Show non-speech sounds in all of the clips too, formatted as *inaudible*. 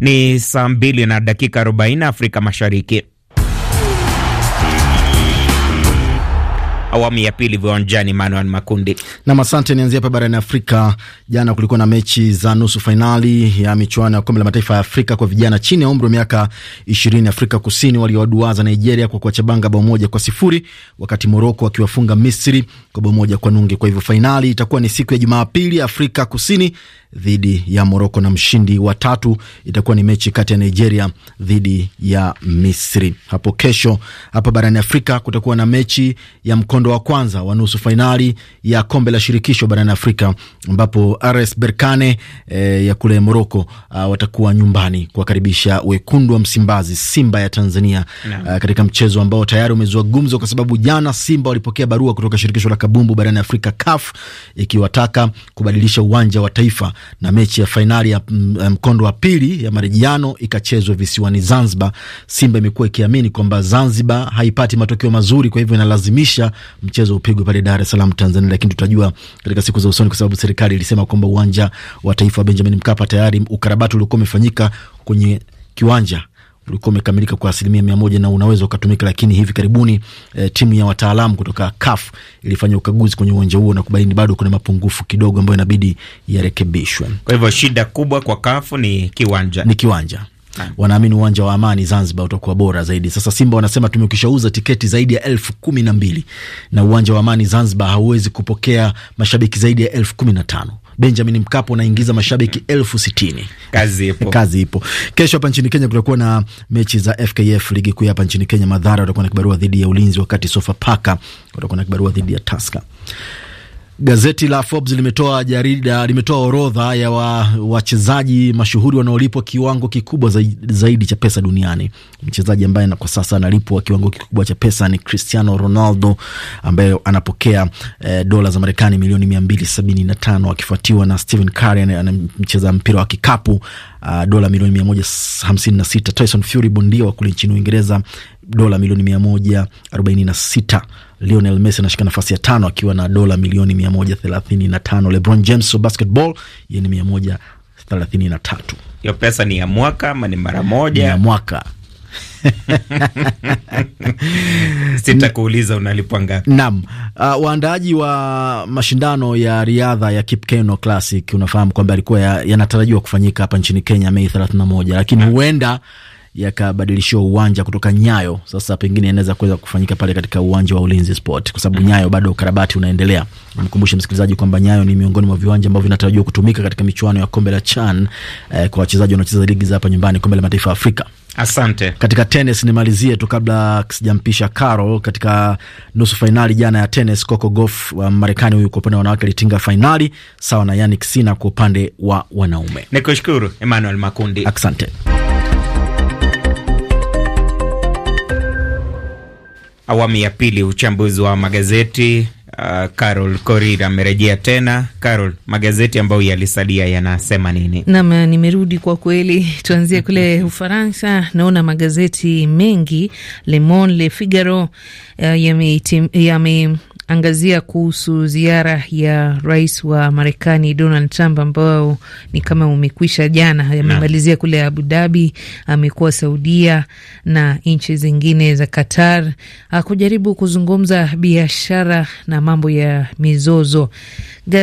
Ni saa mbili na dakika 40 Afrika Mashariki. Awamu ya pili viwanjani, Manuel Makundi nam. Asante, nianzia hapa barani Afrika. Jana kulikuwa na mechi za nusu fainali ya michuano ya kombe la mataifa ya Afrika kwa vijana chini ya umri wa miaka ishirini. Afrika Kusini waliowaduaza Nigeria kwa kuacha banga bao moja kwa sifuri, wakati Moroko wakiwafunga Misri kwa bao moja kwa nunge. Kwa hivyo fainali itakuwa ni siku ya Jumapili Afrika Kusini dhidi ya Moroko na mshindi wa tatu itakuwa ni mechi kati ya Nigeria dhidi ya Misri. Hapo kesho hapa barani Afrika kutakuwa na mechi ya mkondo wa kwanza wa nusu fainali ya kombe la shirikisho barani Afrika ambapo RS Berkane e, ya kule Moroko ah, watakuwa nyumbani kuwakaribisha wekundu wa Msimbazi, Simba ya Tanzania a, ah, katika mchezo ambao tayari umezua gumzo kwa sababu jana Simba walipokea barua kutoka shirikisho la kabumbu barani Afrika CAF ikiwataka kubadilisha uwanja wa taifa na mechi ya fainali mm, ya mkondo wa pili ya marejiano ikachezwa visiwani Zanzibar. Simba imekuwa ikiamini kwamba Zanzibar haipati matokeo mazuri, kwa hivyo inalazimisha mchezo upigwe pale Dar es Salaam, Tanzania, lakini tutajua katika siku za usoni, kwa sababu serikali ilisema kwamba uwanja wa taifa wa Benjamin Mkapa tayari ukarabati uliokuwa umefanyika kwenye kiwanja ulikuwa umekamilika kwa asilimia mia moja na unaweza ukatumika, lakini hivi karibuni e, timu ya wataalamu kutoka CAF ilifanya ukaguzi kwenye uwanja huo na kubaini bado kuna mapungufu kidogo ambayo inabidi yarekebishwe. Kwa hivyo shida kubwa kwa CAF ni kiwanja, ni kiwanja wanaamini uwanja wa Amani Zanzibar utakuwa bora zaidi. Sasa Simba wanasema tumekushauza tiketi zaidi ya elfu kumi na mbili na uwanja wa Amani Zanzibar hauwezi kupokea mashabiki zaidi ya elfu kumi na tano Benjamin Mkapa unaingiza mashabiki elfu sitini. Kazi ipo, kazi ipo. Kesho hapa nchini Kenya kutakuwa na mechi za FKF ligi kuu hapa nchini Kenya. Madhara watakuwa na kibarua dhidi ya Ulinzi, wakati Sofapaka watakuwa na kibarua dhidi ya Taska. Gazeti la Forbes limetoa jarida limetoa orodha ya wachezaji wa mashuhuri wanaolipwa kiwango kikubwa zaidi, zaidi cha pesa duniani. Mchezaji ambaye kwa sasa analipwa kiwango kikubwa cha pesa ni Cristiano Ronaldo ambaye anapokea eh, dola za Marekani milioni mia mbili sabini na tano akifuatiwa na Stephen Curry anamcheza mpira wa kikapu uh, dola milioni mia moja hamsini na sita Tyson Fury bondia wa kule nchini Uingereza dola milioni mia moja arobaini na sita Lionel Messi anashika nafasi ya tano akiwa na dola milioni 135. LeBron James wa basketball yeye ni 133. Hiyo pesa ni ya mwaka ama ni mara moja? Ni ya mwaka. *laughs* Sitakuuliza unalipwa ngapi. Naam. Uh, waandaaji wa mashindano ya riadha ya Kipkeno Classic unafahamu kwamba yalikuwa yanatarajiwa ya kufanyika hapa nchini Kenya Mei 31, lakini mm. huenda yakabadilishiwa uwanja kutoka Nyayo, sasa pengine inaweza kuweza kufanyika pale katika uwanja wa Ulinzi Sport kwa sababu Nyayo bado ukarabati unaendelea. Mkumbushe msikilizaji kwamba Nyayo ni miongoni mwa viwanja ambavyo vinatarajiwa kutumika katika michuano ya kombe la CHAN eh, kwa wachezaji wanaocheza ligi za hapa nyumbani, kombe la mataifa ya Afrika. Asante. Katika tenis nimalizie tu kabla sijampisha Carol. Katika nusu fainali jana ya tenis, Coco Gauff wa Marekani, huyu kwa upande wa wanawake alitinga fainali sawa na Yannick Sinner kwa upande wa wanaume. Nikushukuru Emmanuel Makundi, asante. awamu ya pili, uchambuzi wa magazeti. Uh, Carol Korir amerejea tena. Carol, magazeti ambayo yalisalia yanasema nini? Naam, nimerudi kwa kweli. Tuanzie kule *laughs* Ufaransa, naona magazeti mengi Le Monde, Le Figaro uh, yame angazia kuhusu ziara ya rais wa Marekani Donald Trump ambao ni kama umekwisha jana, amemalizia kule Abu Dhabi, amekuwa Saudia na nchi zingine za Qatar ah, kujaribu kuzungumza biashara na mambo ya mizozo.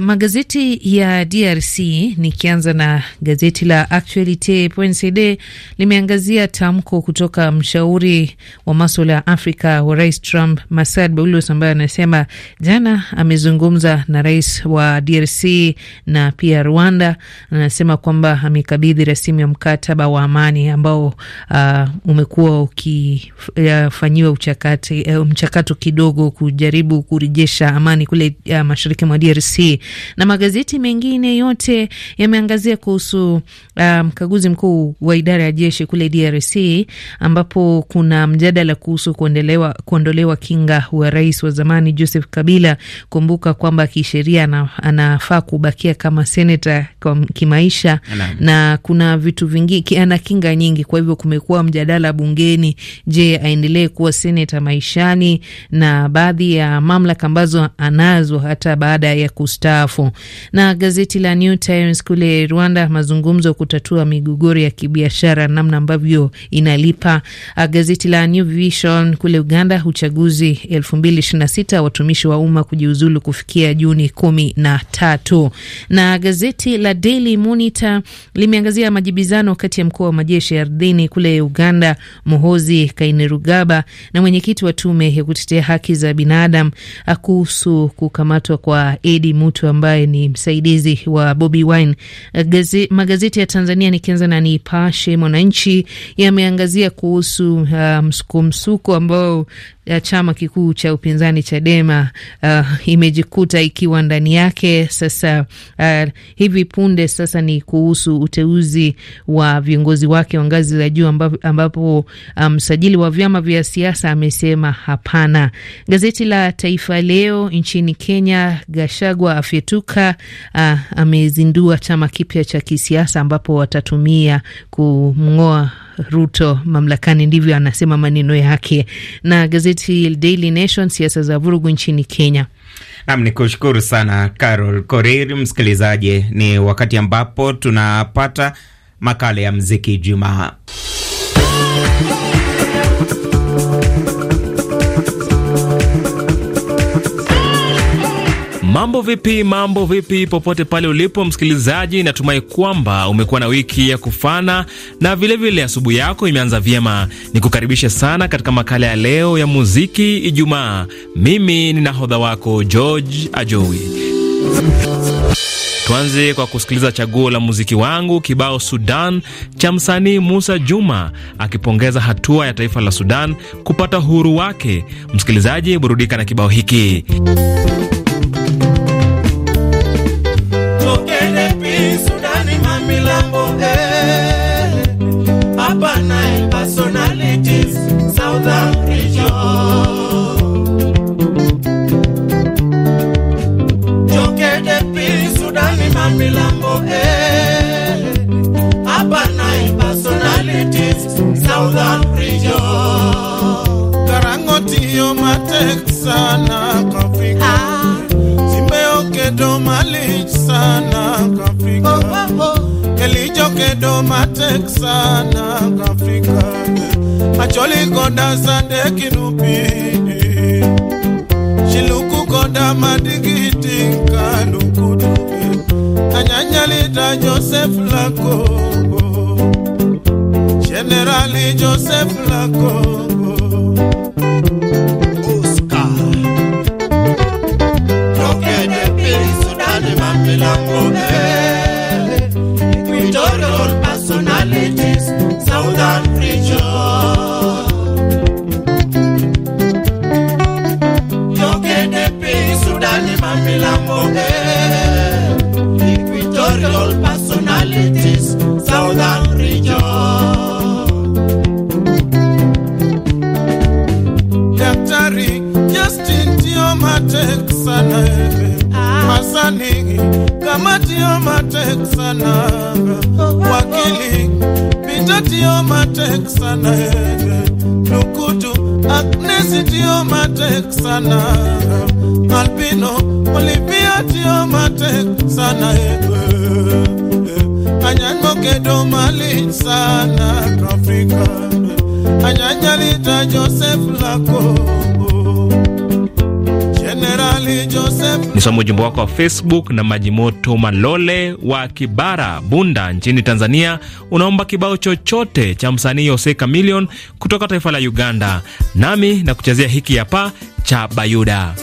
Magazeti ya DRC, nikianza na gazeti la Actualite.cd limeangazia tamko kutoka mshauri wa maswala ya Afrika wa rais Trump Masad Boulos ambaye anasema jana amezungumza na rais wa DRC na pia Rwanda, anasema kwamba amekabidhi rasimu ya mkataba wa amani ambao uh, umekuwa ukifanyiwa uh, mchakato kidogo kujaribu kurejesha amani kule uh, mashariki mwa DRC, na magazeti mengine yote yameangazia kuhusu mkaguzi um, mkaguzi mkuu wa idara ya jeshi kule DRC ambapo kuna mjadala kuhusu kuondolewa kinga wa rais wa zamani Joseph Joseph Kabila, kumbuka kwamba kisheria anafaa kubakia kama seneta kwa kimaisha na, na kuna vitu vingi, ana kinga nyingi. Kwa hivyo kumekuwa mjadala bungeni, je, aendelee kuwa seneta maishani na baadhi ya mamlaka ambazo anazo hata baada ya kustaafu. Na gazeti la New Times kule Rwanda, mazungumzo kutatua migogoro ya kibiashara, namna ambavyo inalipa. Gazeti la New Vision kule Uganda, uchaguzi 2026 watumia watumishi wa umma kujiuzulu kufikia Juni kumi na tatu. Na gazeti la Daily Monitor limeangazia majibizano kati ya mkuu wa majeshi ardhini kule Uganda Muhozi Kainerugaba na mwenyekiti wa tume ya kutetea haki za binadamu kuhusu kukamatwa kwa Edi Mutu ambaye ni msaidizi wa Bobi Wine. Gazi, magazeti ya Tanzania nikianza na Nipashe, Mwananchi yameangazia kuhusu uh, msukomsuko ambao ya uh, chama kikuu cha upinzani Chadema uh, imejikuta ikiwa ndani yake sasa. Uh, hivi punde sasa ni kuhusu uteuzi wa viongozi wake wa ngazi za juu, ambapo msajili um, wa vyama vya siasa amesema hapana. Gazeti la Taifa Leo nchini Kenya, Gashagwa afyetuka, uh, amezindua chama kipya cha kisiasa ambapo watatumia kumng'oa Ruto mamlakani, ndivyo anasema maneno yake. na gazeti Daily Nation, siasa za vurugu nchini Kenya. Nam, ni kushukuru sana Carol Korir. Msikilizaji, ni wakati ambapo tunapata makala ya mziki Jumaa Mambo vipi, mambo vipi, popote pale ulipo msikilizaji, natumai kwamba umekuwa na wiki ya kufana na vilevile asubuhi yako imeanza vyema. ni kukaribishe sana katika makala ya leo ya muziki Ijumaa. Mimi ni nahodha wako George Ajowi. Tuanze kwa kusikiliza chaguo la muziki wangu kibao Sudan cha msanii Musa Juma akipongeza hatua ya taifa la Sudan kupata uhuru wake. Msikilizaji, burudika na kibao hiki. southern region. Karango tiyo matek sana Afrika, zimeokedo malich sana Afrika, elijokedo matek sana Afrika, acholi koda sande kinupidi, shiluku koda madigiti nkalukutu, anyanyalita Joseph Lako General joseph lakongo oscar lokede pirisudani mambilangobele equatorial personalities southern region lokede pirisudani mambilangobele fulani, kamati matek sana wakili matek sana nukutu matek sana albino sana anyango anyangokedo mali sana afrika anyanyalita joseph lako somo ujumbe wako wa Facebook. Na Majimoto Malole wa Kibara, Bunda nchini Tanzania, unaomba kibao chochote cha msanii Yose Chameleone kutoka taifa la Uganda, nami na kuchezea hiki hapa cha Bayuda,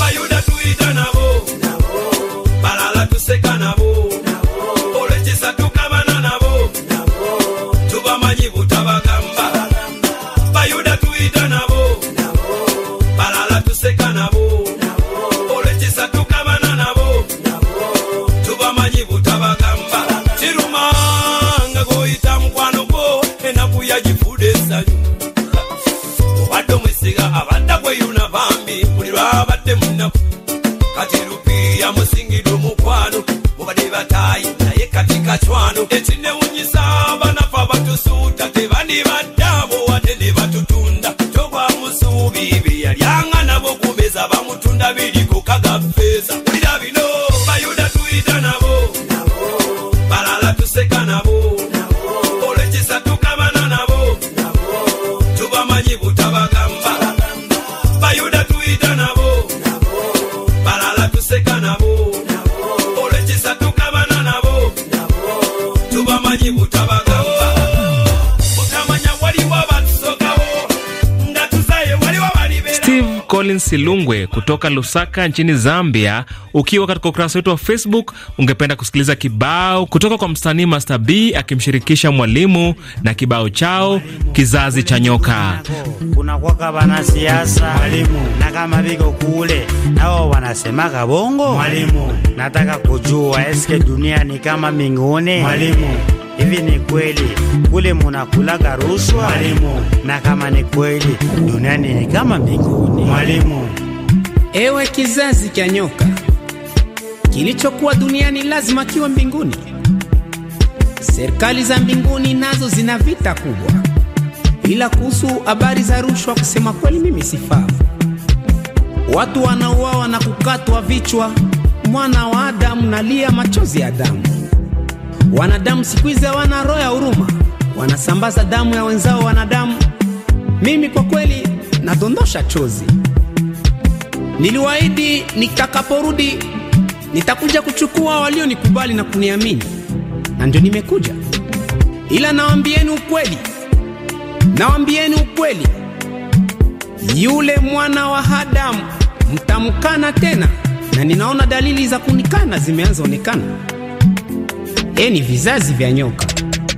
Bayuda tuita nabo, nabo. Balala tuseka nabo obumanyi butabagamba bayuda tuyita nabo balala tuseka nabo olwekisa tukabana nabo tubamanyi butabagamba Collins Silungwe kutoka Lusaka nchini Zambia. Ukiwa katika ukurasa wetu wa Facebook, ungependa kusikiliza kibao kutoka kwa msanii Master B akimshirikisha Mwalimu na kibao chao kizazi cha nyoka. Kunakwaka wanasiasa na kama viko kule nao wanasemaka bongo. Mwalimu, nataka kujua eske dunia ni kama mingone Mwalimu hivi ni kweli kule munakulaga rushwa mwalimu? Na kama ni kweli duniani ni kama mbinguni mwalimu? Ewe kizazi cha nyoka, kilichokuwa duniani lazima kiwe mbinguni. Serikali za mbinguni nazo zina vita kubwa, ila kuhusu habari za rushwa, kusema kweli, mimi sifahamu. Watu wanauawa na kukatwa vichwa, mwana wa Adamu nalia machozi ya damu Wanadamu siku hizi hawana roho ya huruma, wanasambaza damu ya wenzao wanadamu. Mimi kwa kweli nadondosha chozi. Niliwaahidi nitakaporudi nitakuja kuchukua walionikubali na kuniamini, na ndio nimekuja. Ila nawaambieni ukweli, nawaambieni ukweli, yule mwana wa Adamu mtamkana tena, na ninaona dalili za kunikana zimeanza onekana eni eh, vizazi vya nyoka.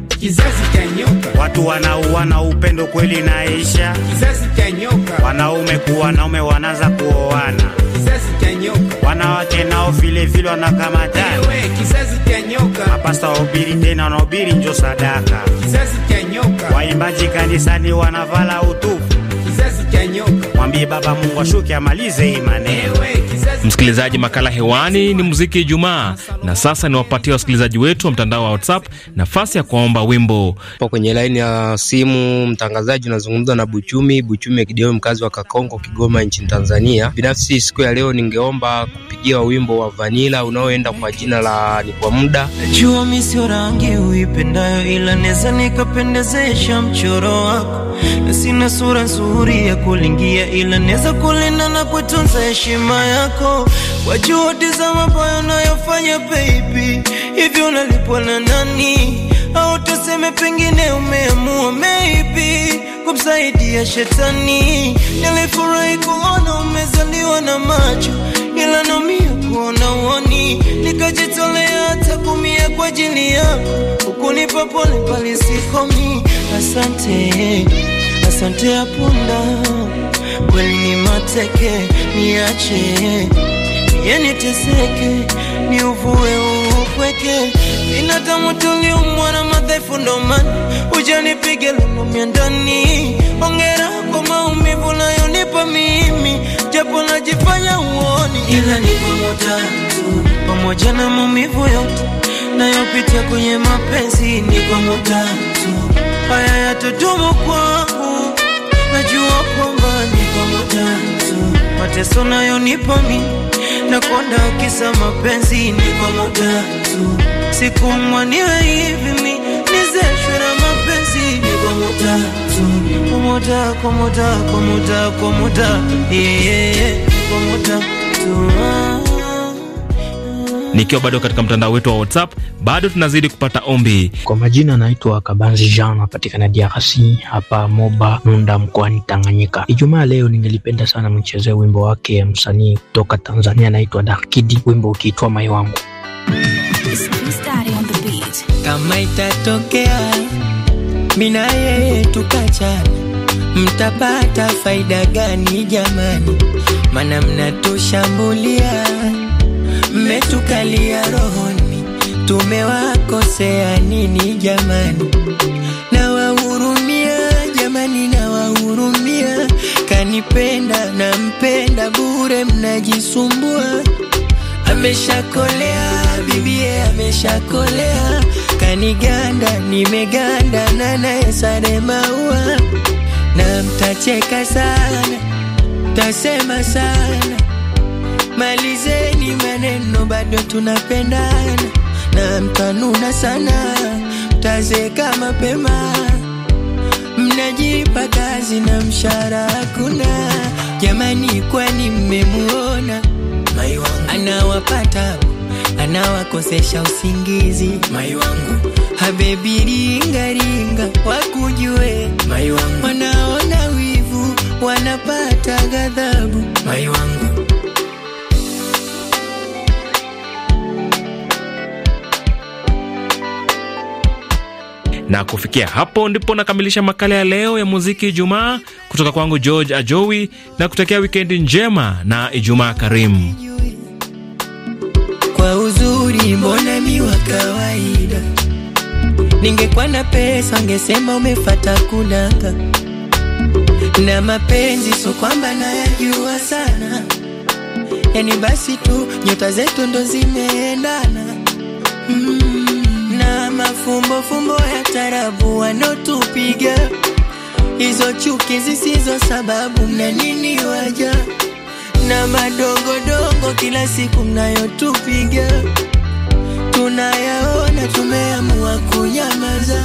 Kizazi cha nyoka, watu wanauana, upendo kweli naisha. Kizazi cha nyoka, wanaume kuwa wanaume wanaanza kuoana. Kizazi cha nyoka, wanawake nao vile vile wanakamatana. Wewe kizazi cha nyoka, mapasta wahubiri tena wanahubiri njo sadaka. Kizazi cha nyoka, waimbaji kanisani wanavala utupu. Kizazi cha nyoka, mwambie Baba Mungu ashuke amalize hii maneno. Msikilizaji, makala hewani ni muziki Ijumaa, na sasa niwapatia wasikilizaji wetu wa mtandao wa WhatsApp nafasi ya kuwaomba wimbo. Po kwenye laini ya simu, mtangazaji, unazungumza na Buchumi Buchumi Kideo, mkazi wa Kakongo, Kigoma, nchini Tanzania. Binafsi siku ya leo ningeomba kupigia wimbo wa Vanila unaoenda kwa jina la ni kwa muda. Jua mimi sio rangi uipendayo, ila naweza nikapendezesha mchoro wako, na sina sura nzuri ya kulingia, ila naweza kulinda na kutunza heshima yako kwa juhudi za mabaya unayofanya baby, hivyo unalipwa na nani? Au tuseme pengine umeamua maybe kumsaidia shetani. Nilifurahi kuona umezaliwa na macho, ila naumia kuona uoni. Nikajitolea hata kumia kwa ajili yako, ukunipa pole bali sikomi. Asante. Asante ya punda kweli ni mateke, niache ye niteseke, ni uvue upweke, binadamu tuliumbwa na madhaifu, ndo maana ujanipige lunumia ndani. Ongera kwa maumivu nayonipa mimi, japo najifanya uoni, ila niko mutatu pamoja na maumivu yote nayopitia kwenye mapenzi, niko mutatu haya yatudumu kwa najua kwamba ni pamoja tu mateso nipo mi na konda kisa mapenzi ni pamoja tu siku mwaniwe hivi mi nizeshwe na mapenzi ni pamoja tu pamoja pamoja pamoja pamoja yeah, yeah, yeah. pamoja tu ah. Nikiwa bado katika mtandao wetu wa WhatsApp, bado tunazidi kupata ombi. Kwa majina anaitwa Kabanzi Jean, napatikana DRC hapa Moba Munda mkoani Tanganyika. Ijumaa leo ningelipenda sana mchezee wimbo wake msanii kutoka Tanzania anaitwa Darkidi, wimbo ukiitwa mai wangu. Kama itatokea mina yeye tukacha, mtapata faida gani jamani? Mana mnatushambulia Umetukalia rohoni, tumewakosea nini jamani? Nawahurumia jamani, nawahurumia. Kanipenda na mpenda bure, mnajisumbua. Ameshakolea bibie, ameshakolea. Kaniganda, nimeganda na naye sare maua, na mtacheka sana, mtasema sana Malizeni maneno, bado tunapendana na mtanuna sana, mtazeka mapema, mnajipa kazi na mshahara hakuna. Jamani, kwani mmemuona anawapata anawakosesha usingizi mai wangu, habebi ringaringa wakujue mai wangu, wanaona wivu wanapata ghadhabu mai wangu Na kufikia hapo ndipo nakamilisha makala ya leo ya muziki Ijumaa kutoka kwangu George Ajowi, na kutakia wikendi njema na Ijumaa karimu. Kwa uzuri mbona mi wa kawaida, ningekuwa na pesa ngesema umefata kulaka na mapenzi, so kwamba nayajua sana, yani basi tu nyota zetu ndo zimeendana mm fumbo mafumbofumbo ya tarabu wanotupiga, hizo chuki zisizo sababu, mna nini waja na madogodogo kila siku mnayotupiga, tunayaona, tumeamua kunyamaza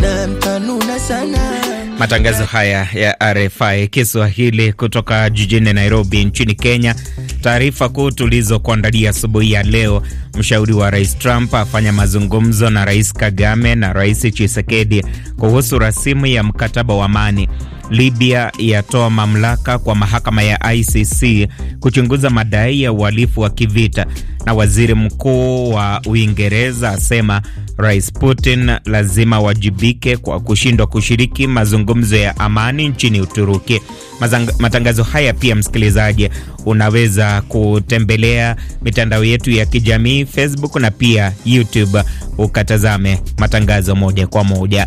na mtanuna sana Matangazo haya ya RFI Kiswahili kutoka jijini Nairobi nchini Kenya. Taarifa kuu tulizokuandalia asubuhi ya leo: mshauri wa rais Trump afanya mazungumzo na rais Kagame na rais Chisekedi kuhusu rasimu ya mkataba wa amani. Libya yatoa mamlaka kwa mahakama ya ICC kuchunguza madai ya uhalifu wa kivita na waziri mkuu wa Uingereza asema Rais Putin lazima wajibike kwa kushindwa kushiriki mazungumzo ya amani nchini Uturuki. Mazang, matangazo haya pia, msikilizaji, unaweza kutembelea mitandao yetu ya kijamii Facebook na pia YouTube ukatazame matangazo moja kwa moja.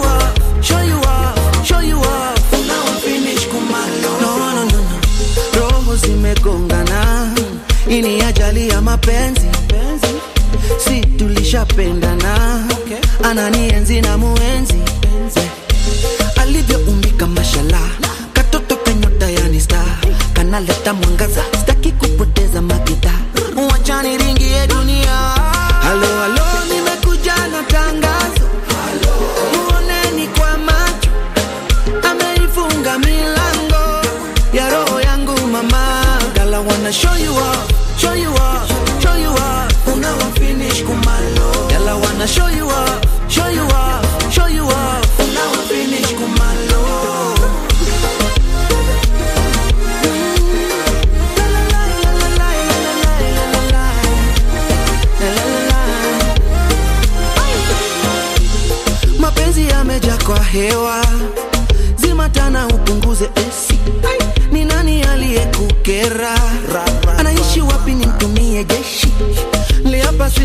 wanna show you off, show you off, show you off. Una wa finish kumalo. Yala wanna show you off, show you off, show you off. Una wa finish kumalo. mapenzi yameja kwa hewa zimatana upunguze esi ni nani aliyekukera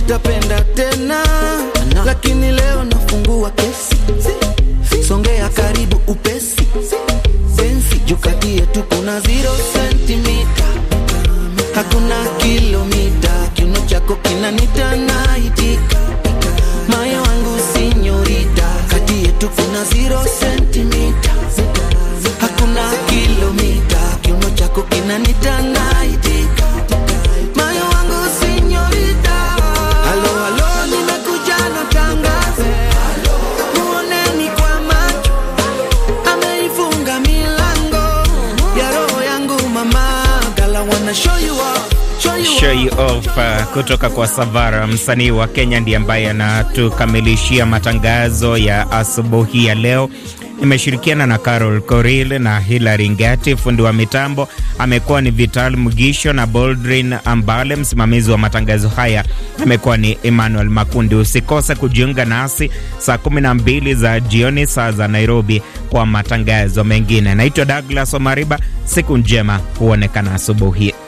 tutapenda tena, lakini leo na Show you off uh, kutoka kwa Savara, msanii wa Kenya ndiye ambaye anatukamilishia matangazo ya asubuhi ya leo imeshirikiana na Carol Coril na Hilary Ngati. Fundi wa mitambo amekuwa ni Vital Mugisho na Boldrin Ambale. Msimamizi wa matangazo haya amekuwa ni Emmanuel Makundi. Usikose kujiunga nasi saa 12 za jioni, saa za Nairobi, kwa matangazo mengine. Naitwa Douglas Omariba. Siku njema, huonekana asubuhi.